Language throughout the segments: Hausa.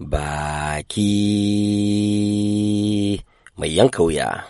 baki mai yanka wuya.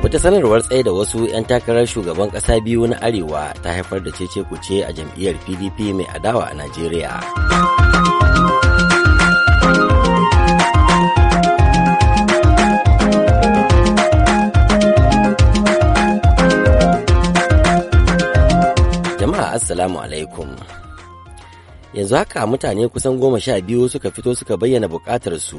Wata sanarwar tsaye da wasu 'yan takarar shugaban ƙasa biyu na Arewa ta haifar da cece kuce a jam'iyyar PDP mai adawa a Najeriya. Assalamu alaikum. Yanzu haka mutane kusan goma sha biyu suka fito suka bayyana bukatar su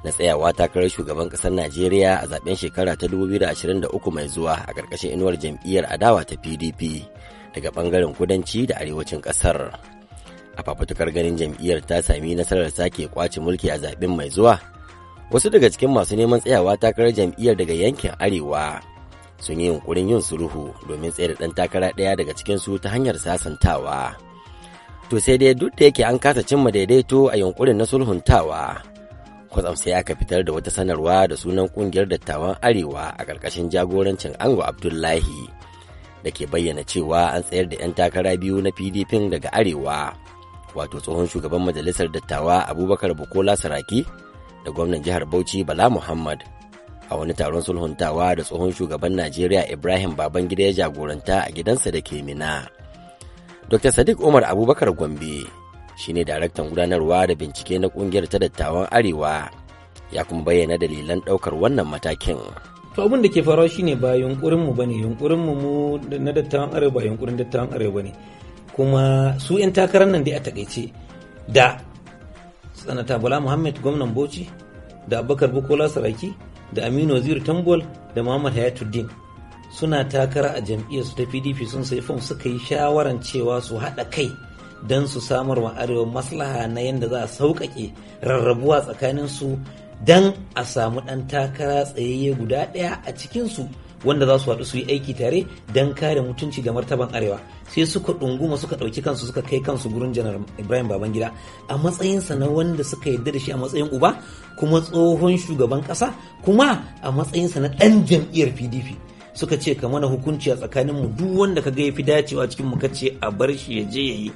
na tsayawa takarar shugaban ƙasar Najeriya a zaben shekara ta 2023 mai zuwa a ƙarƙashin inuwar jam'iyyar adawa ta PDP daga ɓangaren kudanci da arewacin ƙasar. A fafutukar ganin jam'iyyar ta sami nasarar sake kwace mulki a zaben mai zuwa, wasu daga cikin masu neman tsayawa takarar jam'iyyar daga yankin arewa. sun yi yunkurin yin sulhu domin tsere ɗan takara ɗaya daga cikinsu ta hanyar sasantawa. To sai dai duk da yake an kasa cimma daidaito a yunkurin na sulhuntawa. Kwatsam sai aka fitar da wata sanarwa da sunan ƙungiyar dattawan Arewa a ƙarƙashin jagorancin Ango Abdullahi da ke bayyana cewa an tsayar da 'yan takara biyu na PDP daga Arewa. Wato tsohon shugaban majalisar dattawa Abubakar Bukola Saraki da gwamnan jihar Bauchi Bala Muhammad a wani taron sulhuntawa da tsohon shugaban najeriya ibrahim babangida ya jagoranta a gidansa da ke mina dr sadiq umar abubakar gombe shine daraktan gudanarwa da bincike na kungiyar ta dattawan arewa ya kuma bayyana dalilan daukar wannan matakin to abin da ke faruwa shine ba yunkurin mu bane yunkurin mu na dattawan arewa yunkurin dattawan arewa ne kuma su yan takarar nan dai a takaice da sanata bala muhammad gwamnan bauchi da abubakar bukola saraki da aminu waziri tambol da muhammad hayatuddin suna takara a jam'iyyar ta pdp sun sai fom suka yi shawaran cewa su haɗa kai don su samar wa arewa maslaha na yadda za a sauƙaƙe rarrabuwa tsakanin su don a samu ɗan takara tsayayye guda ɗaya a cikinsu wanda za su haɗu su yi aiki tare don kare mutunci da martaban arewa sai suka ɗunguma suka ɗauki kansu suka kai kansu gurin janar ibrahim babangida a matsayinsa na wanda suka yarda da shi a matsayin uba kuma tsohon shugaban ƙasa kuma a matsayinsa na ɗan jam'iyyar pdp suka ce ka mana hukunci a tsakaninmu duk wanda ka ga fi dacewa cikin mu kace a bar shi ya je ya yi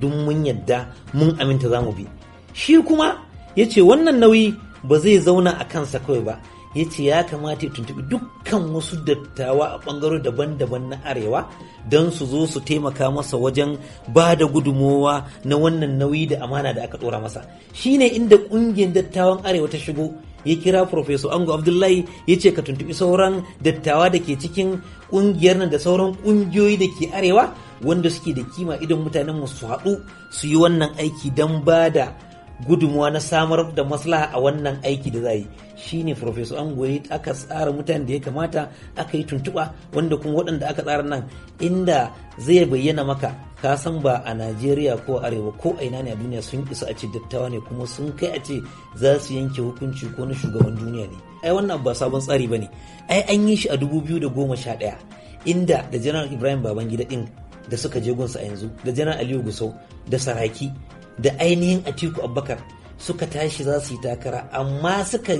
duk mun yadda mun aminta za mu bi shi kuma ya ce wannan nauyi ba zai zauna a kansa kawai ba ya ce ya kamata ya tuntubi dukkan wasu dattawa a ɓangaro daban-daban na arewa don su zo su taimaka masa wajen ba da gudunmowa na wannan nauyi da amana da aka ɗora masa shine inda ƙungiyar dattawan arewa ta shigo ya kira Profesor Ango Abdullahi ya ce ka tuntubi sauran dattawa da ke cikin ƙungiyar nan da sauran ƙungiyoyi da ke arewa wanda suke da kima idan mutanen mu su haɗu su yi wannan aiki don ba da gudunmuwa na samar da maslaha a wannan aiki da za yi shine professor angoyi aka tsara mutane da ya kamata aka yi tuntuɓa wanda kuma waɗanda aka tsara nan inda zai bayyana maka ka san ba a najeriya ko arewa ko a ina ne a duniya sun isa a ce dattawa ne kuma sun kai a ce za su yanke hukunci ko na shugaban duniya ne ai wannan ba sabon tsari ba ne ai an yi shi a dubu biyu da goma sha 2011 inda da janar ibrahim babangida din da suka je gunsa a yanzu da janar aliyu gusau da saraki da ainihin Atiku Abubakar suka tashi za su yi takara amma suka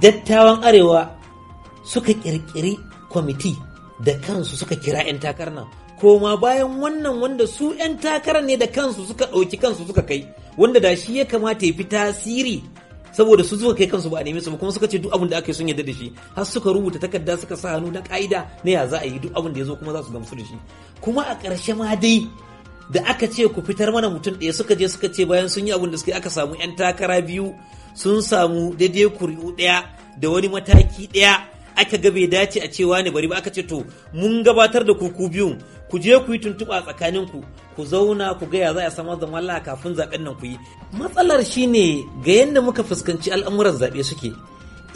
dattawan arewa suka kirkiri kwamiti da kansu suka kira 'yan takarar nan koma bayan wannan wanda su 'yan takarar ne da kansu suka ɗauki kansu suka kai wanda da shi ya kamata ya fi tasiri saboda su zuwa kai kansu ba a neme su ba kuma suka ce duk abin da aka yi sun yarda da shi har suka rubuta takarda suka sa hannu na ka'ida na ya za a yi duk abin da ya zo kuma za su gamsu da shi kuma a ƙarshe ma dai da aka ce ku fitar mana mutum ɗaya suka je suka ce bayan sun yi abin da suka aka samu 'yan takara biyu sun samu daidai kuri'u ɗaya da wani mataki ɗaya aka ga bai dace a cewa ne bari ba aka ce to mun gabatar da kuku biyu ku je ku yi tuntuɓa tsakanin ku ku zauna ku gaya za a samar da mallaka kafin zaben nan ku yi matsalar shine ga yadda muka fuskanci al'amuran zaɓe suke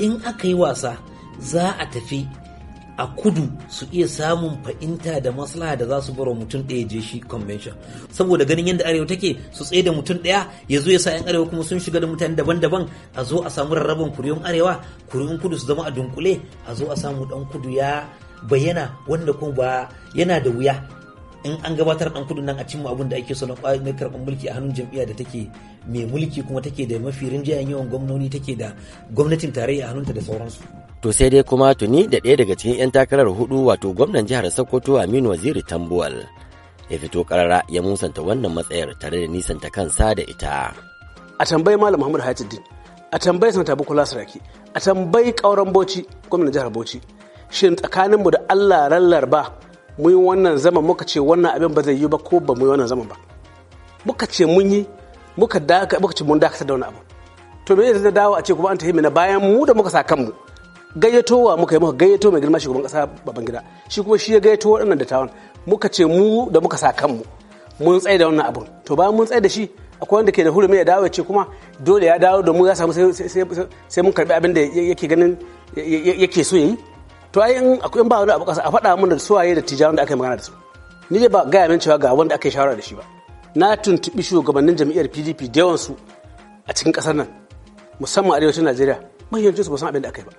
in aka yi wasa za a tafi a kudu su iya samun fa'inta da maslaha da za su bar mutum ɗaya je shi convention saboda ganin yadda arewa take su tsaye da mutum ɗaya ya zo ya sa 'yan arewa kuma sun shiga da mutane daban-daban a zo a samu rarrabin kuriyun arewa kuriyun kudu su zama a dunkule a zo a samu ɗan kudu ya bayyana wanda kuma ba yana da wuya in an gabatar an kudin nan a cimma abin da ake so na karɓar mulki a hannun jam'iyya da take mai mulki kuma take da mafi rinjayen yawan gwamnoni take da gwamnatin tarayya a hannunta da sauransu. To sai dai kuma tuni da ɗaya daga cikin 'yan takarar hudu wato gwamnan jihar Sokoto Aminu Waziri Tambuwal ya fito karara ya musanta wannan matsayar tare da nisanta kansa da ita. A tambayi Malam Muhammad Hayatuddin, a tambayi Sanata Bukola Saraki, a tambayi Kauran Bauchi, gwamnan jihar Bauchi. Shin tsakaninmu da Allah rallar ba mun yi wannan zaman muka ce wannan abin ba zai yi ba ko ba mu yi wannan zaman ba muka ce mun yi muka daka muka ce mun dakata da wani abu to me zai dawo a ce kuma an tafi na bayan mu da muka sa kanmu gayyatowa muka yi muka gayyato mai girma shugaban kasa baban gida shi kuma shi ya gayyato waɗannan dattawan muka ce mu da muka sa kanmu mun tsaye da wannan abun to bayan mun tsaye da shi akwai wanda ke da hurumi ya dawo ya ce kuma dole ya dawo da mu ya samu sai mun karbi abin da yake ganin yake so yi to ai in akwai ba wani abu kasa a faɗa mun da suwaye da tijaran da aka yi magana da su ni dai ba gaya min cewa ga wanda aka yi shawara da shi ba na tuntuɓi shugabannin jam'iyyar pdp da su a cikin ƙasar nan musamman arewacin najeriya mahimmancin su ba san abin da aka yi ba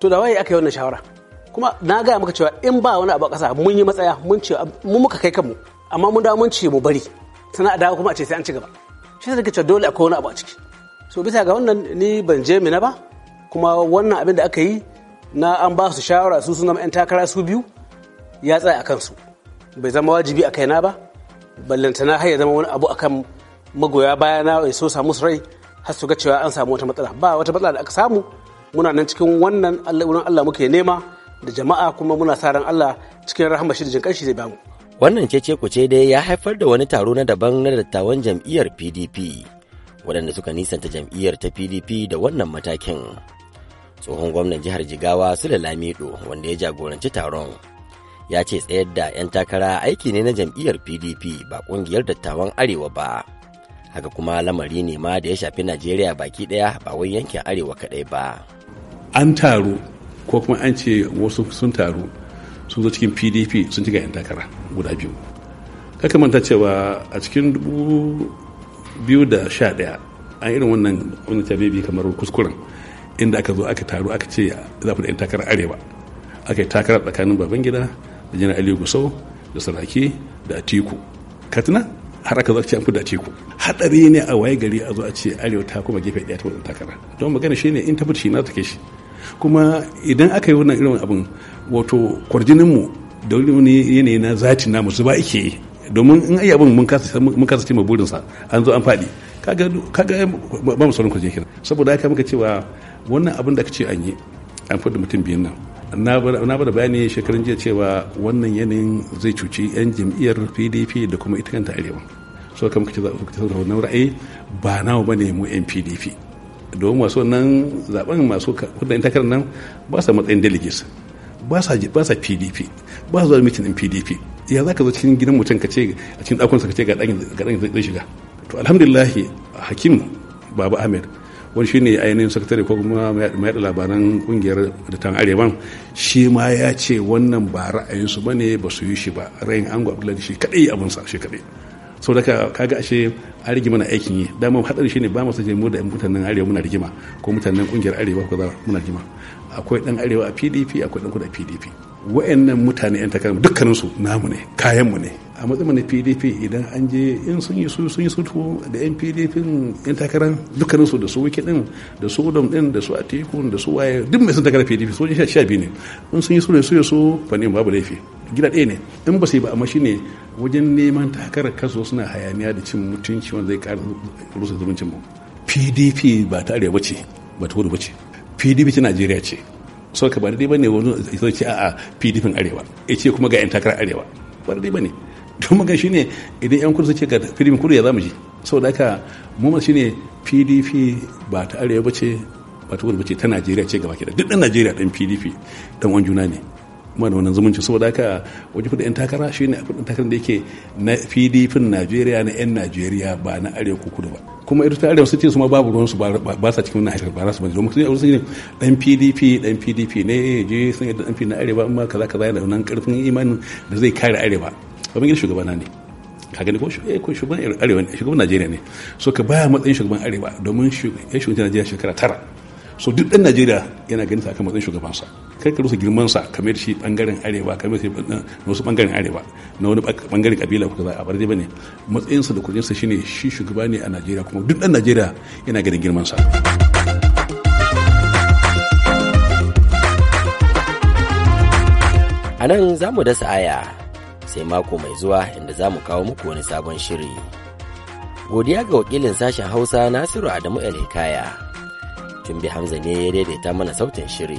to da waye aka yi wannan shawara kuma na gaya maka cewa in ba wani abu a mun yi matsaya mun ce mu muka kai kanmu amma mun da mun ce mu bari sana a kuma a ce sai an ci gaba shi ne cewa dole akwai wani abu a ciki so bisa ga wannan ni ban je mina ba kuma wannan abin da aka yi na an ba su shawara su suna 'yan takara su biyu ya tsaya a kansu bai zama wajibi a kaina ba ballantana har ya zama wani abu akan magoya baya na ya so samu rai har su ga cewa an samu wata matsala ba wata matsala da aka samu muna nan cikin wannan wurin Allah muke nema da jama'a kuma muna sa ran Allah cikin rahama shi da jin kanshi zai bamu wannan cece kuce dai ya haifar da wani taro na daban na dattawan jam'iyyar PDP waɗanda suka nisanta jam'iyyar ta PDP da wannan matakin tsohon gwamnan jihar jigawa sule lamido wanda ya jagoranci taron ya ce tsayar da 'yan takara aiki ne na jam'iyyar pdp ba kungiyar dattawan arewa ba haka kuma lamari ne ma da ya shafi najeriya baki daya ba wai yankin arewa kadai ba an taru ko kuma an ce wasu sun taru sun zo cikin pdp sun ci ga 'yan takara guda biyu kaka manta cewa a cikin 2011 an irin wannan wani tabibi kamar kuskuren inda aka zo aka taru aka ce za da 'yan takarar arewa aka yi takara tsakanin babangida da jina aliyu guso da saraki da atiku katina har aka zo aka ce an fi da atiku hadari ne a waye gari a zo a ce arewa ta kuma gefe ɗaya ta wadda takara don magana ne in ta shi na ke shi kuma idan aka yi wannan irin abin wato kwarjinin mu da wani yanayi na zati namu su ba ike yi domin in ayi abin mun kasa mun ma cimma burinsa an zo an faɗi kaga kaga ba mu sauran kwarjinin kenan saboda haka muka cewa wannan abin da kace an yi an fi da mutum biyun nan na bada bayani shekarun jiya cewa wannan yanayin zai cuci 'yan jam'iyyar pdp da kuma ita kanta arewa so kama kace zaɓa da wannan ra'ayi ba nawa ba ne mu 'yan pdp domin masu nan zaɓen masu kudin takarar nan ba sa matsayin delegates ba sa pdp ba sa zuwa mitin pdp ya za ka zo cikin gidan mutum ka ce a cikin ɗakunsa ka ce ga ɗan zai shiga to alhamdulillah hakim baba ahmed wani ne ainihin sakatare ko kuma mai labaran kungiyar da ta arewan shi ma ya ce wannan ba ra'ayinsu ba ne ba su yi shi ba rayin ango abdullahi shi kadai abinsa shi kaɗai. so ka kaga ashe an rigima na aikin yi dama hadari shine ba mu sanje mu da mutanen arewa muna rigima ko mutanen kungiyar arewa ko muna rigima akwai dan arewa a PDP akwai dan kudu a PDP wayannan mutane yan takarar dukkanin su namu ne kayan mu ne a matsayin na PDP idan an je in sun yi sun yi sutu da yan PDP yan takarar dukkanin su da su wiki din da su udom din da su atiku da su waye duk mai sun takarar PDP sun sha biyu ne in sun yi su ne su fa ne babu laifi gida ɗaya ne in ba su yi ba amma shine wajen neman takarar kaso suna hayaniya da cin mutunci wanda zai ƙara rusa zumuncin mu pdp ba ta arewa ce ba ta kudu ba ce pdp ta najeriya ce sau ka ba daidai ba ne wani zai ce a'a pdp arewa ya ce kuma ga 'yan takarar arewa ba daidai ba ne don magan shi ne idan 'yan kudu suke ga pdp kudu ya zama ji saboda haka mu shi ne pdp ba ta arewa ba ce ba ta kudu ba ce ta najeriya ce gaba ke da duk ɗan najeriya ɗan pdp ɗan wani juna ne kuma wannan zumunci saboda ka waje fidda 'yan takara shi ne fidda takarar da yake na pdp najeriya na 'yan najeriya ba na arewa ko kudu ba kuma irin ta arewa su ce su ma babu ruwan su ba sa cikin wannan ba su bane domin sun yi dan pdp dan pdp ne je sun yi dan pdp na arewa amma kaza kaza yana nan karfin imanin da zai kare arewa kamar shugaba na ne ka gani ko eh, shugaban arewa ne shugaban najeriya ne so ka baya matsayin shugaban arewa domin shugaban najeriya shekara tara so duk dan najeriya yana ganin sa akan shugaban Kar ka rusa girman sa kamar shi bangaren arewa kamar shi wasu bangaren arewa na wani bangaren kabila ku za a bar bane matsayin sa da kudin shine shi shugaba ne a Najeriya kuma duk dan Najeriya yana ganin girmansa. a nan za mu dasa aya sai mako mai zuwa inda za mu kawo muku wani sabon shiri godiya ga wakilin sashen hausa nasiru adamu el hikaya bi hamza ne ya daidaita mana sautin shiri